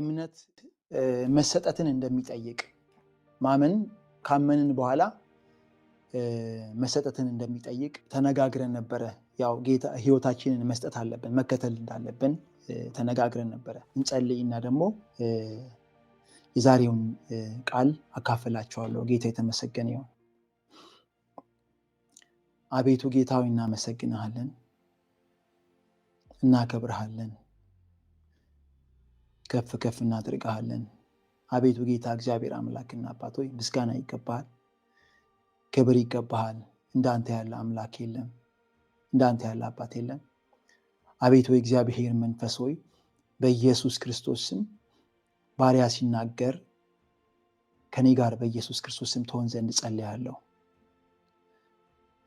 እምነት መሰጠትን እንደሚጠይቅ ማመን ካመንን በኋላ መሰጠትን እንደሚጠይቅ ተነጋግረን ነበረ። ያው ጌታ ሕይወታችንን መስጠት አለብን መከተል እንዳለብን ተነጋግረን ነበረ። እንጸልይና ደግሞ የዛሬውን ቃል አካፍላችኋለሁ። ጌታ የተመሰገነ ይሁን። አቤቱ ጌታዊ እናመሰግንሃለን፣ እናከብርሃለን ከፍ ከፍ እናደርግሃለን። አቤቱ ጌታ እግዚአብሔር አምላክና አባት ሆይ ምስጋና ይገባሃል፣ ክብር ይገባሃል። እንዳንተ ያለ አምላክ የለም፣ እንዳንተ ያለ አባት የለም። አቤቱ እግዚአብሔር መንፈስ ሆይ በኢየሱስ ክርስቶስ ስም ባሪያ ሲናገር ከኔ ጋር በኢየሱስ ክርስቶስ ስም ትሆን ዘንድ ጸልያለሁ።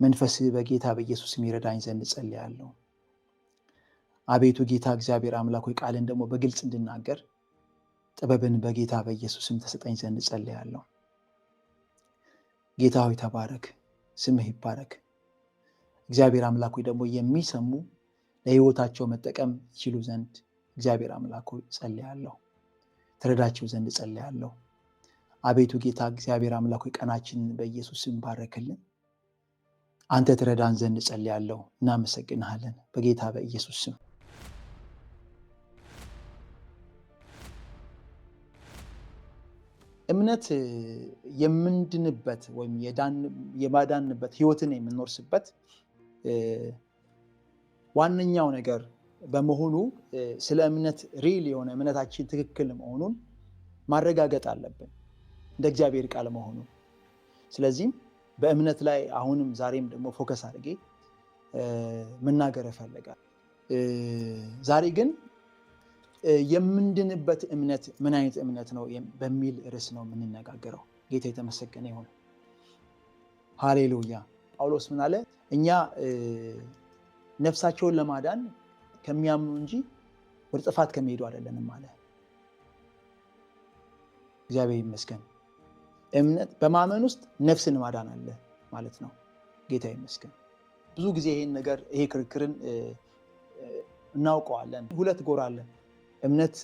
መንፈስ በጌታ በኢየሱስ ስም ይረዳኝ ዘንድ ጸልያለሁ። አቤቱ ጌታ እግዚአብሔር አምላክ ሆይ ቃልን ደግሞ በግልጽ እንድናገር ጥበብን በጌታ በኢየሱስም ተሰጠኝ ዘንድ ጸልያለሁ። ጌታ ሆይ ተባረክ፣ ስምህ ይባረክ። እግዚአብሔር አምላክ ሆይ ደግሞ የሚሰሙ ለህይወታቸው መጠቀም ይችሉ ዘንድ እግዚአብሔር አምላክ ሆይ ጸልያለሁ። ትረዳቸው ዘንድ ጸልያለሁ። አቤቱ ጌታ እግዚአብሔር አምላክ ሆይ ቀናችንን በኢየሱስም ባረክልን። አንተ ትረዳን ዘንድ ጸልያለሁ። እናመሰግንሃለን በጌታ በኢየሱስም ስም። እምነት የምንድንበት ወይም የማዳንበት ህይወትን የምንወርስበት ዋነኛው ነገር በመሆኑ ስለ እምነት ሪል የሆነ እምነታችን ትክክል መሆኑን ማረጋገጥ አለብን፣ እንደ እግዚአብሔር ቃል መሆኑን። ስለዚህም በእምነት ላይ አሁንም ዛሬም ደግሞ ፎከስ አድርጌ መናገር እፈልጋለሁ። ዛሬ ግን የምንድንበት እምነት ምን አይነት እምነት ነው በሚል ርዕስ ነው የምንነጋገረው። ጌታ የተመሰገነ ይሁን። ሃሌሉያ። ጳውሎስ ምን አለ? እኛ ነፍሳቸውን ለማዳን ከሚያምኑ እንጂ ወደ ጥፋት ከሚሄዱ አይደለንም አለ። እግዚአብሔር ይመስገን። እምነት በማመን ውስጥ ነፍስን ማዳን አለ ማለት ነው። ጌታ ይመስገን። ብዙ ጊዜ ይሄን ነገር ይሄ ክርክርን እናውቀዋለን። ሁለት ጎራ አለን። እምነት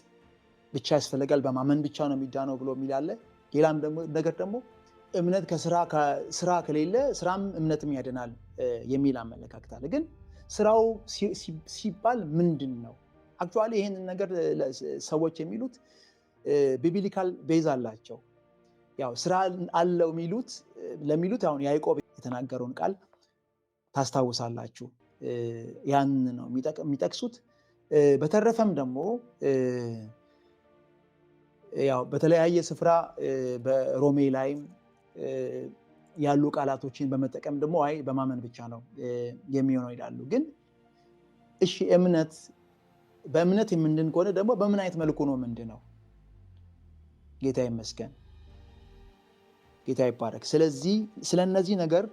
ብቻ ያስፈልጋል፣ በማመን ብቻ ነው የሚዳነው ብሎ የሚላለ ሌላም ነገር ደግሞ እምነት ስራ ከሌለ ስራም እምነትም ያድናል የሚል አመለካከት አለ። ግን ስራው ሲባል ምንድን ነው? አክቹዋሊ ይህን ነገር ሰዎች የሚሉት ቢብሊካል ቤዝ አላቸው። ያው ስራ አለው የሚሉት ለሚሉት አሁን ያዕቆብ የተናገረውን ቃል ታስታውሳላችሁ። ያን ነው የሚጠቅሱት። በተረፈም ደግሞ ያው በተለያየ ስፍራ በሮሜ ላይ ያሉ ቃላቶችን በመጠቀም ደግሞ አይ በማመን ብቻ ነው የሚሆነው ይላሉ። ግን እሺ እምነት በእምነት የምንድን ከሆነ ደግሞ በምን አይነት መልኩ ነው ምንድን ነው? ጌታ ይመስገን፣ ጌታ ይባረክ። ስለዚህ ስለነዚህ ነገር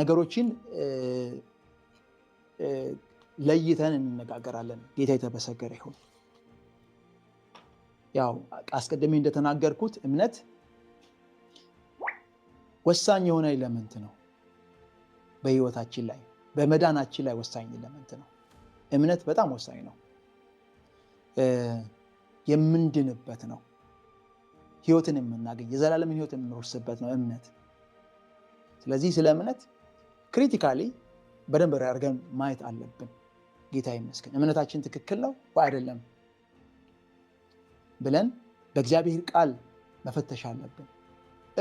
ነገሮችን ለይተን እንነጋገራለን። ጌታ የተመሰገረ ይሁን። ያው አስቀድሜ እንደተናገርኩት እምነት ወሳኝ የሆነ ኤለመንት ነው። በህይወታችን ላይ በመዳናችን ላይ ወሳኝ ኤለመንት ነው። እምነት በጣም ወሳኝ ነው። የምንድንበት ነው። ህይወትን የምናገኝ የዘላለምን ህይወት የምንወርስበት ነው እምነት። ስለዚህ ስለ እምነት ክሪቲካሊ በደንብ አድርገን ማየት አለብን። ጌታ ይመስገን እምነታችን ትክክል ነው አይደለም ብለን በእግዚአብሔር ቃል መፈተሽ አለብን።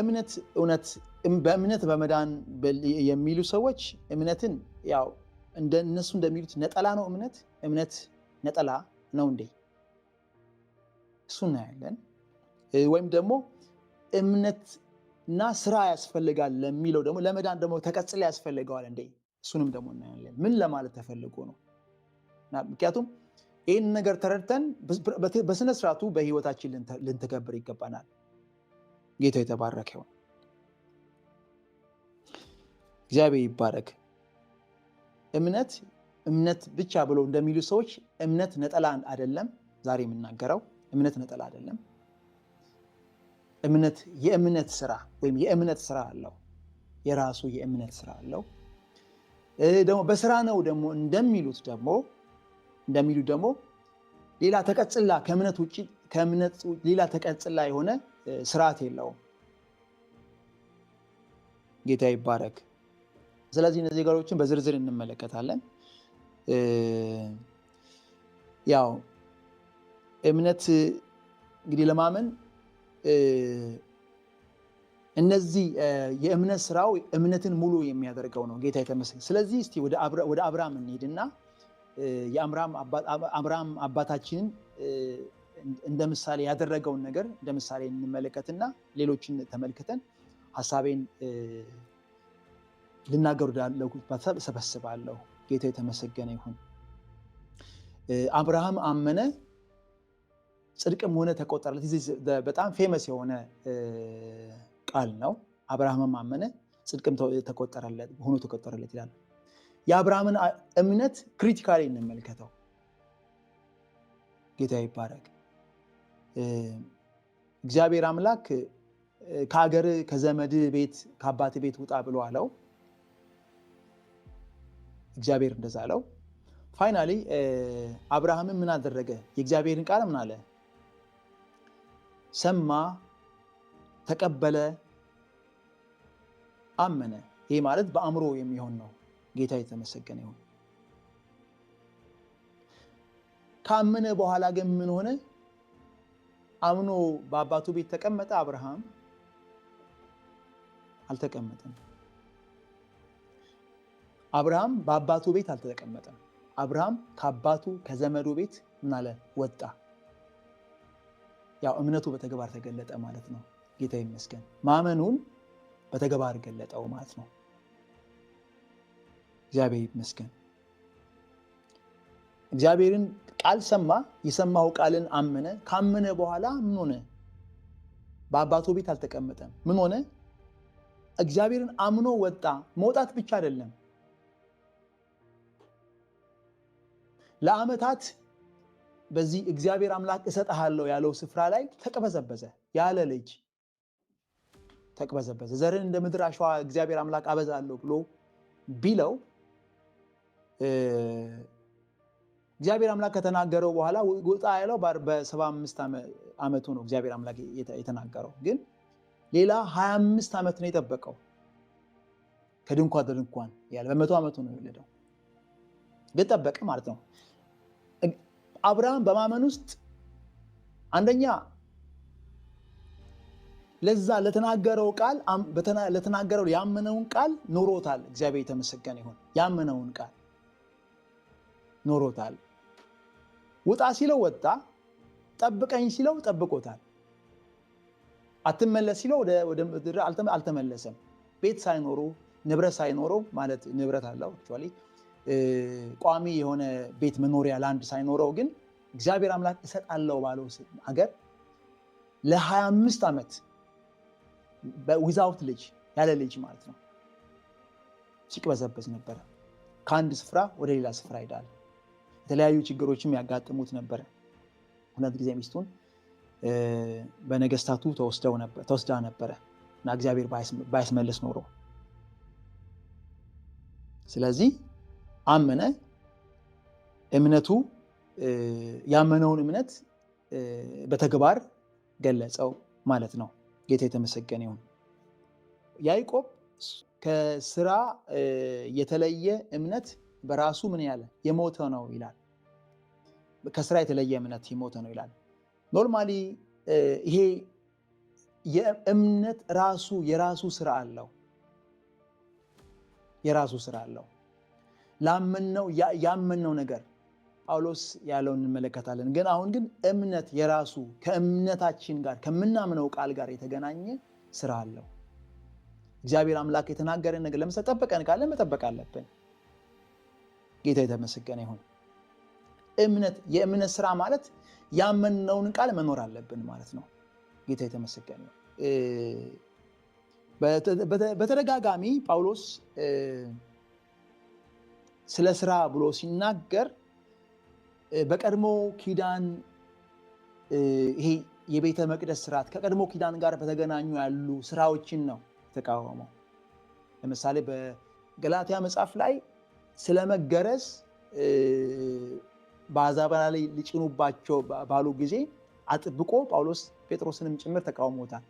እምነት እውነት በእምነት በመዳን የሚሉ ሰዎች እምነትን ያው እንደነሱ እንደሚሉት ነጠላ ነው እምነት እምነት ነጠላ ነው እንዴ? እሱ እናያለን። ወይም ደግሞ እምነትና ስራ ያስፈልጋል ለሚለው ደግሞ ለመዳን ደግሞ ተቀጽላ ያስፈልገዋል እንዴ? እሱንም ደግሞ እናያለን። ምን ለማለት ተፈልጎ ነው? ምክንያቱም ይህን ነገር ተረድተን በስነ ስርዓቱ በህይወታችን ልንተገብር ይገባናል። ጌታ የተባረከ ይሁን። እግዚአብሔር ይባረክ። እምነት እምነት ብቻ ብሎ እንደሚሉ ሰዎች እምነት ነጠላ አይደለም። ዛሬ የምናገረው እምነት ነጠላ አይደለም። እምነት የእምነት ስራ ወይም የእምነት ስራ አለው። የራሱ የእምነት ስራ አለው። ደግሞ በስራ ነው ደግሞ እንደሚሉት ደግሞ እንደሚሉ ደግሞ ሌላ ተቀጽላ ከእምነት ውጭ ከእምነት ሌላ ተቀጽላ የሆነ ስርዓት የለውም። ጌታ ይባረክ። ስለዚህ እነዚህ ነገሮችን በዝርዝር እንመለከታለን። ያው እምነት እንግዲህ ለማመን እነዚህ የእምነት ስራው እምነትን ሙሉ የሚያደርገው ነው። ጌታ የተመስገን። ስለዚህ እስቲ ወደ አብርሃም እንሄድና የአምራም አባታችንን እንደ ምሳሌ ያደረገውን ነገር እንደ ምሳሌ እንመለከትና ሌሎችን ተመልክተን ሀሳቤን ልናገሩ ዳለው ሀሳብ እሰበስባለሁ። ጌታ የተመሰገነ ይሁን። አብርሃም አመነ ጽድቅም ሆነ ተቆጠረለት። በጣም ፌመስ የሆነ ቃል ነው። አብርሃምም አመነ ጽድቅም ሆኖ ተቆጠረለት ይላል። የአብርሃምን እምነት ክሪቲካሊ እንመልከተው። ጌታ ይባረግ እግዚአብሔር አምላክ ከሀገር ከዘመድ ቤት ከአባት ቤት ውጣ ብሎ አለው። እግዚአብሔር እንደዛ አለው። ፋይናሊ አብርሃምን ምን አደረገ? የእግዚአብሔርን ቃል ምን አለ? ሰማ፣ ተቀበለ፣ አመነ። ይህ ማለት በአእምሮ የሚሆን ነው። ጌታ የተመሰገነ ይሁን። ካመነ በኋላ ግን ምን ሆነ? አምኖ በአባቱ ቤት ተቀመጠ? አብርሃም አልተቀመጠም። አብርሃም በአባቱ ቤት አልተቀመጠም። አብርሃም ከአባቱ ከዘመዱ ቤት ምናለ ወጣ። ያው እምነቱ በተግባር ተገለጠ ማለት ነው። ጌታ ይመስገን። ማመኑን በተግባር ገለጠው ማለት ነው። እግዚአብሔር ይመስገን። እግዚአብሔርን ቃል ሰማ። የሰማው ቃልን አመነ። ካመነ በኋላ ምን ሆነ? በአባቱ ቤት አልተቀመጠም። ምን ሆነ? እግዚአብሔርን አምኖ ወጣ። መውጣት ብቻ አይደለም፣ ለአመታት በዚህ እግዚአብሔር አምላክ እሰጥሃለሁ ያለው ስፍራ ላይ ተቅበዘበዘ። ያለ ልጅ ተቅበዘበዘ። ዘርን እንደ ምድር አሸዋ እግዚአብሔር አምላክ አበዛለሁ ብሎ ቢለው እግዚአብሔር አምላክ ከተናገረው በኋላ ውጣ ያለው በሰባ 75 ዓመቱ ነው። እግዚአብሔር አምላክ የተናገረው ግን ሌላ 25 ዓመት ነው የጠበቀው ከድንኳን ድንኳን ያለ በመቶ ዓመቱ ነው የወለደው ግን ጠበቀ ማለት ነው። አብርሃም በማመን ውስጥ አንደኛ ለዛ ለተናገረው ቃል ለተናገረው ያመነውን ቃል ኑሮታል። እግዚአብሔር የተመሰገነ ይሁን ያመነውን ቃል ኖሮታል። ውጣ ሲለው ወጣ፣ ጠብቀኝ ሲለው ጠብቆታል። አትመለስ ሲለው ወደ ምድር አልተመለሰም። ቤት ሳይኖሩ ንብረት ሳይኖረው ማለት ንብረት አለው አክቹዋሊ ቋሚ የሆነ ቤት መኖሪያ ላንድ ሳይኖረው ግን እግዚአብሔር አምላክ እሰጣለው ባለው ሀገር ለ25 ዓመት ዊዛውት ልጅ ያለ ልጅ ማለት ነው ሲቅበዘበዝ ነበረ። ከአንድ ስፍራ ወደ ሌላ ስፍራ ይሄዳል። የተለያዩ ችግሮችም ያጋጥሙት ነበር። ሁለት ጊዜ ሚስቱን በነገስታቱ ተወስዳ ነበረ እና እግዚአብሔር ባያስመልስ ኖሮ ስለዚህ አመነ። እምነቱ ያመነውን እምነት በተግባር ገለጸው ማለት ነው። ጌታ የተመሰገነ ይሁን። ያዕቆብ ከስራ የተለየ እምነት በራሱ ምን ያለ የሞተ ነው ይላል። ከስራ የተለየ እምነት የሞተ ነው ይላል። ኖርማሊ ይሄ የእምነት ራሱ የራሱ ስራ አለው የራሱ ስራ አለው። ላመንነው ያመንነው ነገር ጳውሎስ ያለውን እንመለከታለን። ግን አሁን ግን እምነት የራሱ ከእምነታችን ጋር ከምናምነው ቃል ጋር የተገናኘ ስራ አለው። እግዚአብሔር አምላክ የተናገረን ነገር ለምሳሌ ጠበቀን ካለ መጠበቅ አለብን። ጌታ የተመሰገነ ይሁን። እምነት የእምነት ስራ ማለት ያመንነውን ቃል መኖር አለብን ማለት ነው። ጌታ የተመሰገነ ነው። በተደጋጋሚ ጳውሎስ ስለ ስራ ብሎ ሲናገር በቀድሞ ኪዳን ይሄ የቤተ መቅደስ ስርዓት ከቀድሞ ኪዳን ጋር በተገናኙ ያሉ ስራዎችን ነው የተቃወመው። ለምሳሌ በገላትያ መጽሐፍ ላይ ስለ መገረዝ በአዛብና ላይ ሊጭኑባቸው ባሉ ጊዜ አጥብቆ ጳውሎስ ጴጥሮስንም ጭምር ተቃውሞታል።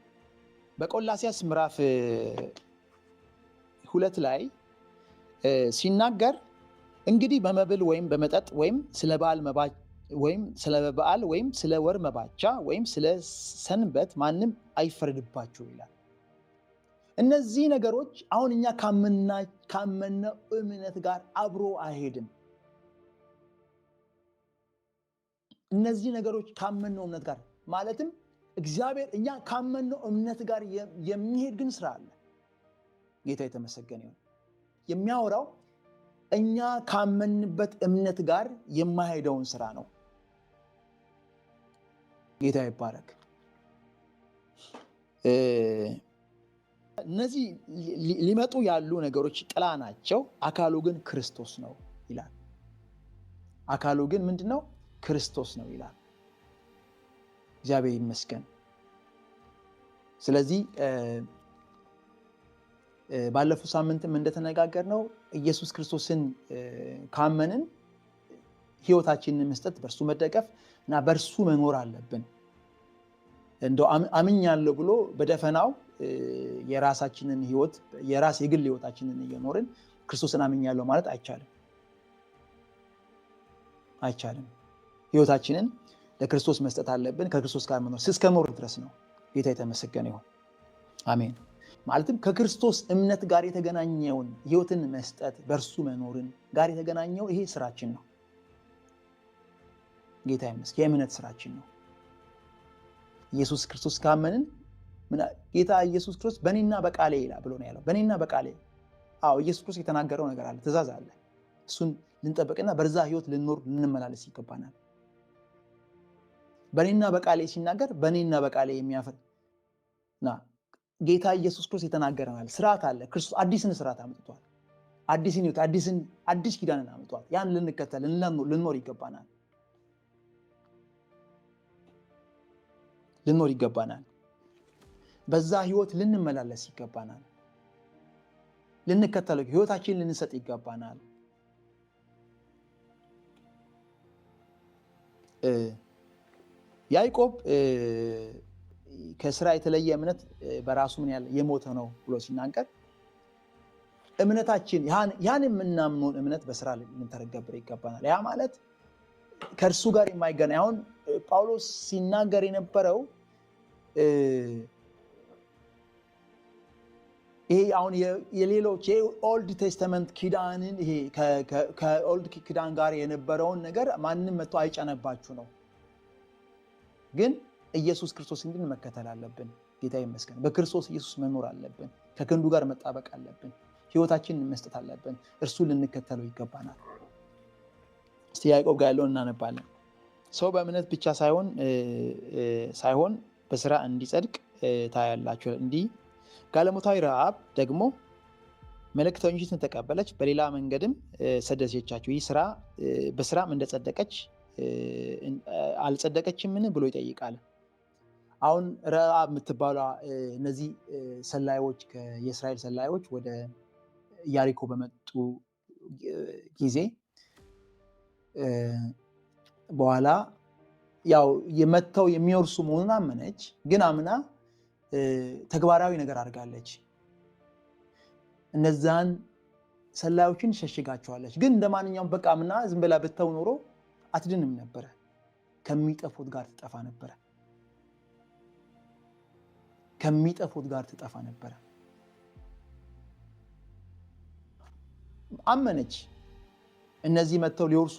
በቆላሲያስ ምዕራፍ ሁለት ላይ ሲናገር እንግዲህ በመብል ወይም በመጠጥ ወይም ስለ በዓል ወይም ስለ በዓል ወይም ስለ ወር መባቻ ወይም ስለ ሰንበት ማንም አይፈረድባችሁ ይላል። እነዚህ ነገሮች አሁን እኛ ካመነው እምነት ጋር አብሮ አይሄድም። እነዚህ ነገሮች ካመነው እምነት ጋር ማለትም እግዚአብሔር እኛ ካመነው እምነት ጋር የሚሄድ ግን ስራ አለ። ጌታ የተመሰገነ ይሁን። የሚያወራው እኛ ካመንበት እምነት ጋር የማሄደውን ስራ ነው። ጌታ ይባረክ። እነዚህ ሊመጡ ያሉ ነገሮች ጥላ ናቸው፣ አካሉ ግን ክርስቶስ ነው ይላል። አካሉ ግን ምንድን ነው? ክርስቶስ ነው ይላል። እግዚአብሔር ይመስገን። ስለዚህ ባለፉት ሳምንትም ነው ኢየሱስ ክርስቶስን ካመንን ህይወታችንን መስጠት በእርሱ መደገፍ እና በእርሱ መኖር አለብን። እንደው አምኛለሁ ብሎ በደፈናው የራሳችንን ሕይወት የራስ የግል ህይወታችንን እየኖርን ክርስቶስን አምኛለሁ ማለት አይቻልም አይቻልም። ህይወታችንን ለክርስቶስ መስጠት አለብን። ከክርስቶስ ጋር መኖር እስከ መውረድ ድረስ ነው። ጌታ የተመሰገነ ይሁን። አሜን። ማለትም ከክርስቶስ እምነት ጋር የተገናኘውን ህይወትን መስጠት በእርሱ መኖርን ጋር የተገናኘው ይሄ ስራችን ነው። ጌታ ይመስገን። የእምነት ስራችን ነው። ኢየሱስ ክርስቶስ ካመንን ጌታ ኢየሱስ ክርስቶስ በእኔና በቃሌ ይላ ብሎ ነው ያለው። በእኔና በቃሌ አዎ፣ ኢየሱስ ክርስቶስ የተናገረው ነገር አለ፣ ትእዛዝ አለ። እሱን ልንጠበቅና በዛ ህይወት ልንኖር ልንመላለስ ይገባናል። በእኔና በቃሌ ሲናገር በእኔና በቃሌ የሚያፍር ጌታ ኢየሱስ ክርስቶስ የተናገረናል። ስርዓት አለ። ክርስቶስ አዲስን ስርዓት አምጥቷል። አዲስን ይወት አዲስን አዲስ ኪዳንን አምጥቷል። ያን ልንከተል ልንኖር ይገባናል ልኖር ይገባናል። በዛ ህይወት ልንመላለስ ይገባናል። ልንከተለው ህይወታችን ልንሰጥ ይገባናል። ያዕቆብ ከስራ የተለየ እምነት በራሱ ምን ያለ የሞተ ነው ብሎ ሲናገር እምነታችን ያን የምናምነውን እምነት በስራ ልንተረገብር ይገባናል። ያ ማለት ከእርሱ ጋር የማይገናኝ አሁን ጳውሎስ ሲናገር የነበረው ይሄ አሁን የሌሎች ኦልድ ቴስተመንት ኪዳንን ይሄ ከኦልድ ኪዳን ጋር የነበረውን ነገር ማንም መጥቶ አይጫነባችሁ ነው ግን ኢየሱስ ክርስቶስን ግን መከተል አለብን። ጌታ ይመስገን። በክርስቶስ ኢየሱስ መኖር አለብን። ከክንዱ ጋር መጣበቅ አለብን። ህይወታችንን መስጠት አለብን። እርሱ ልንከተለው ይገባናል። እስቲ ያዕቆብ ጋር ያለውን እናነባለን። ሰው በእምነት ብቻ ሳይሆን ሳይሆን በስራ እንዲጸድቅ ታያላቸው። እንዲህ ጋለሞታዊ ረዓብ ደግሞ መልእክተኞችን ተቀበለች፣ በሌላ መንገድም ሰደሴቻቸው። ይህ ስራ በስራም እንደጸደቀች አልጸደቀችምን ብሎ ይጠይቃል። አሁን ረአ የምትባሏ እነዚህ ሰላዮች የእስራኤል ሰላዮች ወደ ያሪኮ በመጡ ጊዜ በኋላ ያው የመተው የሚወርሱ መሆኑን አመነች። ግን አምና ተግባራዊ ነገር አድርጋለች። እነዛን ሰላዮችን ሸሽጋቸዋለች። ግን እንደ ማንኛውም በቃ ምና ዝም ብላ ብተው ኖሮ አትድንም ነበረ፣ ከሚጠፉት ጋር ትጠፋ ነበረ፣ ከሚጠፉት ጋር ትጠፋ ነበረ። አመነች። እነዚህ መጥተው ሊወርሱ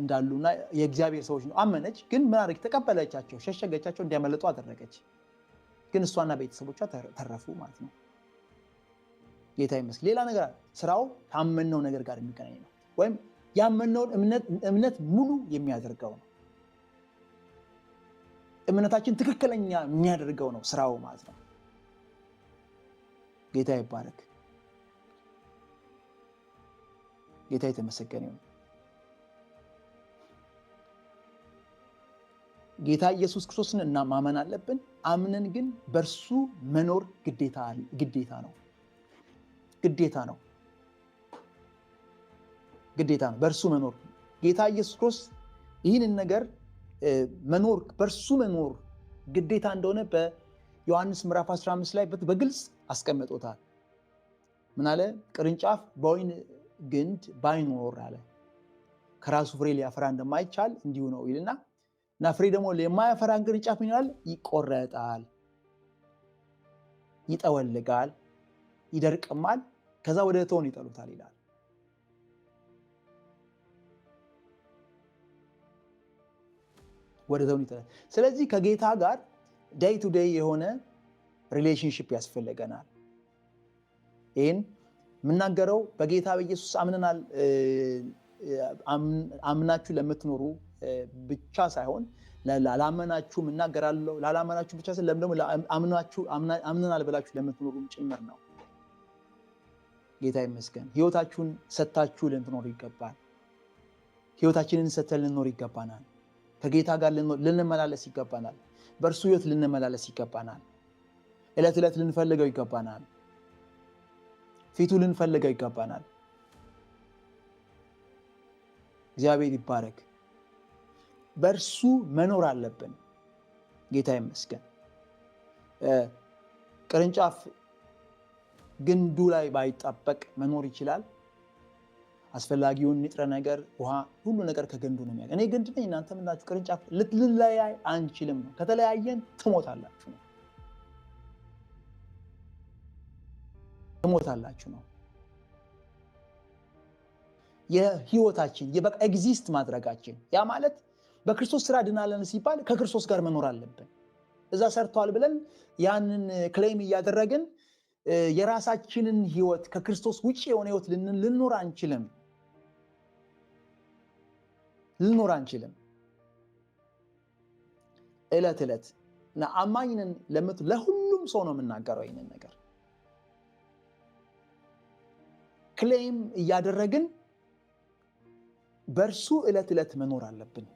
እንዳሉና የእግዚአብሔር ሰዎች ነው። አመነች፣ ግን ምን አድርግ? ተቀበለቻቸው፣ ሸሸገቻቸው፣ እንዲያመለጡ አደረገች። ግን እሷና ቤተሰቦቿ ተረፉ ማለት ነው። ጌታ ይመስገን። ሌላ ነገር ስራው ካመንነው ነገር ጋር የሚገናኝ ነው ወይም ያመነውን እምነት ሙሉ የሚያደርገው ነው። እምነታችን ትክክለኛ የሚያደርገው ነው ስራው ማለት ነው። ጌታ ይባረክ። ጌታ የተመሰገነ ይሁን። ጌታ ኢየሱስ ክርስቶስን እና ማመን አለብን። አምነን ግን በእርሱ መኖር ግዴታ ነው፣ ግዴታ ነው። ግዴታ ነው። በእርሱ መኖር ጌታ ኢየሱስ ክርስቶስ ይህንን ነገር መኖር በእርሱ መኖር ግዴታ እንደሆነ በዮሐንስ ምዕራፍ 15 ላይ በግልጽ አስቀምጦታል። ምን አለ? ቅርንጫፍ በወይን ግንድ ባይኖር አለ ከራሱ ፍሬ ሊያፈራ እንደማይቻል እንዲሁ ነው ይልና እና ፍሬ ደግሞ የማያፈራን ቅርንጫፍ ይኖራል፣ ይቆረጣል፣ ይጠወልጋል፣ ይደርቅማል፣ ከዛ ወደ እቶን ይጠሉታል ይላል። ወደ ይጠራል። ስለዚህ ከጌታ ጋር ዴይ ቱ ዴይ የሆነ ሪሌሽንሽፕ ያስፈልገናል። ይህን የምናገረው በጌታ በኢየሱስ አምነናል አምናችሁ ለምትኖሩ ብቻ ሳይሆን ላላመናችሁ እናገራለሁ። ላላመናችሁ ብቻ ሳይሆን ደግሞ አምነናል ብላችሁ ለምትኖሩም ጭምር ነው። ጌታ ይመስገን። ህይወታችሁን ሰታችሁ ልንትኖሩ ይገባል። ህይወታችንን ሰተን ልንኖር ይገባናል። ከጌታ ጋር ልንመላለስ ይገባናል። በእርሱ ህይወት ልንመላለስ ይገባናል። ዕለት ዕለት ልንፈልገው ይገባናል። ፊቱ ልንፈልገው ይገባናል። እግዚአብሔር ይባረክ። በእርሱ መኖር አለብን። ጌታ ይመስገን። ቅርንጫፍ ግንዱ ላይ ባይጣበቅ መኖር ይችላል። አስፈላጊውን ንጥረ ነገር፣ ውሃ፣ ሁሉ ነገር ከገንዱ ነው የሚያ እኔ ገንድ ነኝ እናንተ ምናችሁ ቅርንጫፍ፣ ልትለያይ አንችልም ነው። ከተለያየን ትሞታላችሁ ነው ትሞታላችሁ ነው። የህይወታችን የበቃ ኤግዚስት ማድረጋችን ያ ማለት በክርስቶስ ስራ ድናለን ሲባል ከክርስቶስ ጋር መኖር አለብን። እዛ ሰርተዋል ብለን ያንን ክሌም እያደረግን የራሳችንን ህይወት ከክርስቶስ ውጭ የሆነ ህይወት ልንኖር አንችልም። ልኖር አንችልም። እለት እለት አማኝንን ለምት ለሁሉም ሰው ነው የምናገረው ይህንን ነገር ክሌም እያደረግን በእርሱ እለት እለት መኖር አለብን።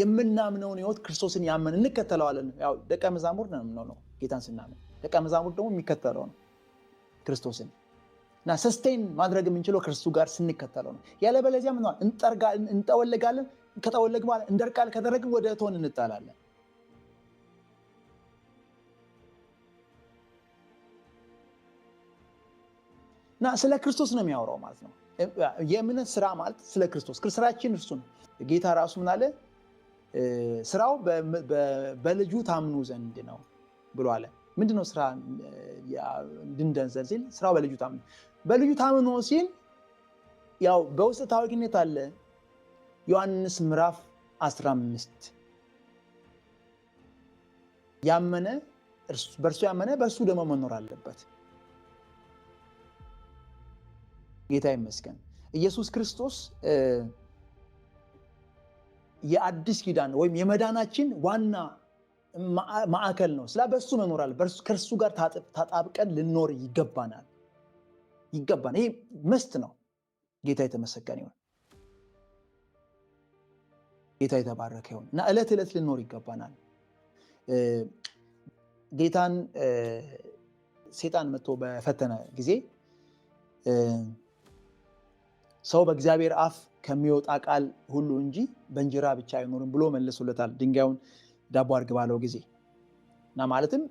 የምናምነውን ህይወት ክርስቶስን ያመን እንከተለዋለን። ያው ደቀ መዛሙር ነው ጌታን ስናምን። ደቀ መዛሙር ደግሞ የሚከተለው ነው ክርስቶስን እና ሰስቴን ማድረግ የምንችለው ከእርሱ ጋር ስንከተለው ነው። ያለበለዚያ ምን እንጠወለጋለን፣ ከጠወለግ በኋላ እንደርቃል፣ ከደረግን ወደ እቶን እንጣላለን። እና ስለ ክርስቶስ ነው የሚያወራው ማለት ነው። የእምነት ስራ ማለት ስለ ክርስቶስ ስራችን እርሱ ነው። ጌታ ራሱ ምን አለ? ስራው በልጁ ታምኑ ዘንድ ነው ብሎ አለ። ምንድነው ስራ እንድንደን ዘንድ ሲል ስራው በልጁ ታምኑ በልዩ ታምኖ ሲል ያው በውስጥ ታዋቂነት አለ። ዮሐንስ ምዕራፍ 15 ያመነ በእርሱ ያመነ በእሱ ደግሞ መኖር አለበት። ጌታ ይመስገን። ኢየሱስ ክርስቶስ የአዲስ ኪዳን ወይም የመዳናችን ዋና ማዕከል ነው። ስለ በሱ መኖር አለ። ከእርሱ ጋር ታጣብቀን ልኖር ይገባናል። ይገባል። ይህ መስት ነው። ጌታ የተመሰገነ ይሁን። ጌታ የተባረከ ይሁን እና ዕለት ዕለት ልኖር ይገባናል። ጌታን ሴጣን መጥቶ በፈተነ ጊዜ ሰው በእግዚአብሔር አፍ ከሚወጣ ቃል ሁሉ እንጂ በእንጀራ ብቻ አይኖርም ብሎ መልሶለታል። ድንጋዩን ዳቦ አድርግ ባለው ጊዜ እና ማለትም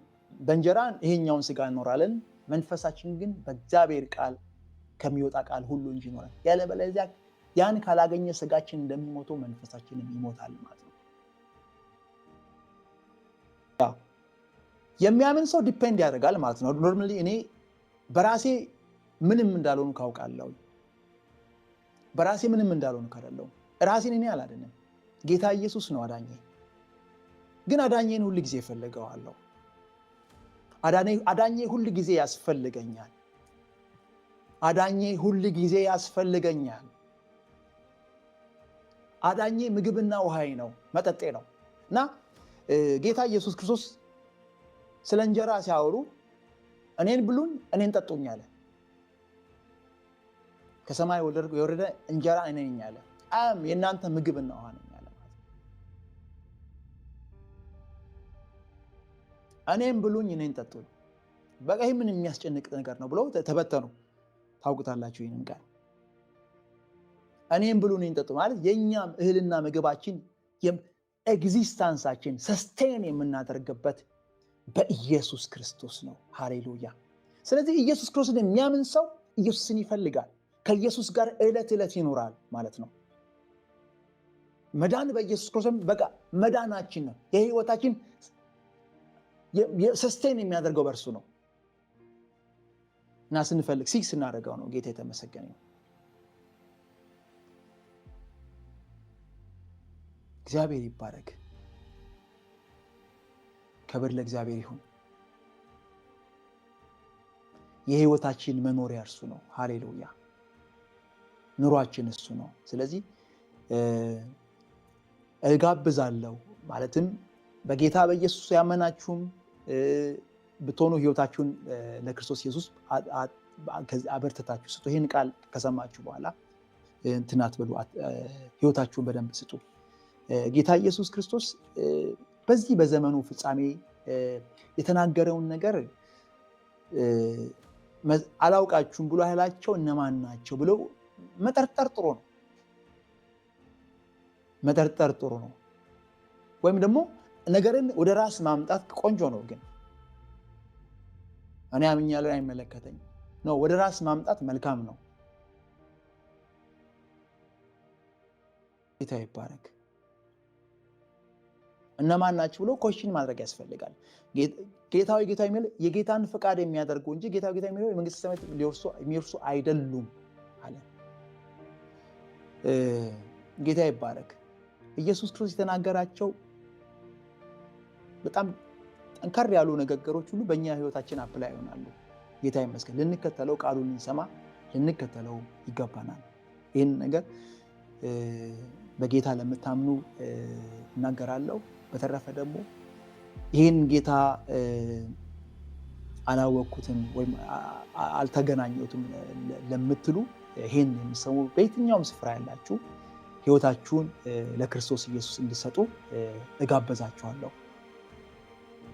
በእንጀራ ይሄኛውን ስጋ እንኖራለን መንፈሳችን ግን በእግዚአብሔር ቃል ከሚወጣ ቃል ሁሉ እንጂ ይኖራል። ያለበለዚያ ያን ካላገኘ ስጋችን እንደሚሞቶ መንፈሳችንም ይሞታል ማለት ነው። የሚያምን ሰው ዲፔንድ ያደርጋል ማለት ነው። ኖርማ እኔ በራሴ ምንም እንዳልሆኑ ካውቃለሁ፣ በራሴ ምንም እንዳልሆኑ ካደለው ራሴን እኔ አላድንም፣ ጌታ ኢየሱስ ነው አዳኘ ግን አዳኘን ሁል ጊዜ እፈልገዋለሁ። አዳኜ ሁል ጊዜ ያስፈልገኛል። አዳኜ ሁል ጊዜ ያስፈልገኛል። አዳኜ ምግብና ውሃይ ነው፣ መጠጤ ነው እና ጌታ ኢየሱስ ክርስቶስ ስለ እንጀራ ሲያወሩ እኔን ብሉኝ፣ እኔን ጠጡኝ አለ። ከሰማይ የወረደ እንጀራ እኔ ነኝ አለ። አም የእናንተ ምግብና ውሃ ነው። እኔም ብሉኝ እኔን ጠጡኝ፣ በቃ ይህ ምን የሚያስጨንቅ ነገር ነው ብለው ተበተኑ። ታውቁታላችሁ ይህንን ቃል እኔም ብሉ እኔን ጠጡ ማለት የእኛም እህልና ምግባችን ኤግዚስታንሳችን ሰስቴን የምናደርግበት በኢየሱስ ክርስቶስ ነው። ሃሌሉያ። ስለዚህ ኢየሱስ ክርስቶስን የሚያምን ሰው ኢየሱስን ይፈልጋል፣ ከኢየሱስ ጋር ዕለት ዕለት ይኖራል ማለት ነው። መዳን በኢየሱስ ክርስቶስ በቃ መዳናችን ነው የህይወታችን ሰስቴን የሚያደርገው በእርሱ ነው እና ስንፈልግ ሲግ ስናደርገው ነው። ጌታ የተመሰገነ እግዚአብሔር ይባረግ ክብር ለእግዚአብሔር ይሁን። የህይወታችን መኖሪያ እርሱ ነው። ሃሌሉያ። ኑሯችን እሱ ነው። ስለዚህ እጋብዛለው ማለትም በጌታ በኢየሱስ ያመናችሁም ብትሆኑ ህይወታችሁን ለክርስቶስ ኢየሱስ አበርተታችሁ ስጡ። ይህን ቃል ከሰማችሁ በኋላ እንትን አትበሉ፣ ህይወታችሁን በደንብ ስጡ። ጌታ ኢየሱስ ክርስቶስ በዚህ በዘመኑ ፍጻሜ የተናገረውን ነገር አላውቃችሁም ብሎ ያላቸው እነማን ናቸው ብለው መጠርጠር ጥሩ ነው። መጠርጠር ጥሩ ነው ወይም ደግሞ ነገርን ወደ ራስ ማምጣት ቆንጆ ነው፣ ግን እኔ አምኛለሁ አይመለከተኝ ነው። ወደ ራስ ማምጣት መልካም ነው። ጌታ ይባረክ። እነማን ናቸው ብሎ ኮሽን ማድረግ ያስፈልጋል። ጌታዊ ጌታ የሚለው የጌታን ፈቃድ የሚያደርጉ እንጂ ጌታዊ ጌታ የሚለው የመንግስት ሰማያት የሚወርሱ አይደሉም አለ። ጌታ ይባረክ። ኢየሱስ ክርስቶስ የተናገራቸው በጣም ጠንከር ያሉ ንግግሮች ሁሉ በእኛ ህይወታችን አፕላይ ይሆናሉ። ጌታ ይመስገን። ልንከተለው ቃሉን ልንሰማ ልንከተለው ይገባናል። ይህን ነገር በጌታ ለምታምኑ እናገራለሁ። በተረፈ ደግሞ ይህን ጌታ አላወቅኩትም ወይም አልተገናኘሁትም ለምትሉ ይህን የሚሰሙ በየትኛውም ስፍራ ያላችሁ ህይወታችሁን ለክርስቶስ ኢየሱስ እንዲሰጡ እጋበዛችኋለሁ።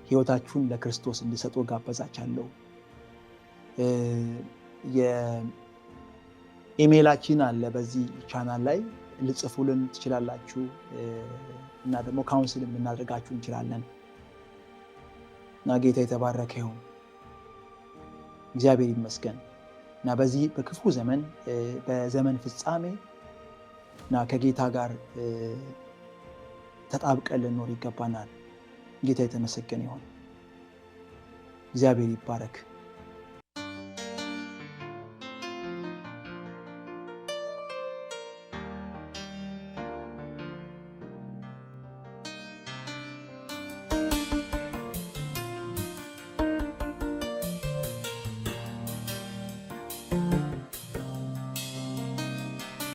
ህይወታችሁን ለክርስቶስ እንድሰጡ ጋበዛቻለሁ። የኢሜይላችን አለ በዚህ ቻናል ላይ ልጽፉልን ትችላላችሁ እና ደግሞ ካውንስል ልናደርጋችሁ እንችላለን። እና ጌታ የተባረከ ይሁን፣ እግዚአብሔር ይመስገን እና በዚህ በክፉ ዘመን በዘመን ፍጻሜ እና ከጌታ ጋር ተጣብቀን ልንኖር ይገባናል። ጌታ የተመሰገነ ይሁን። እግዚአብሔር ይባረክ።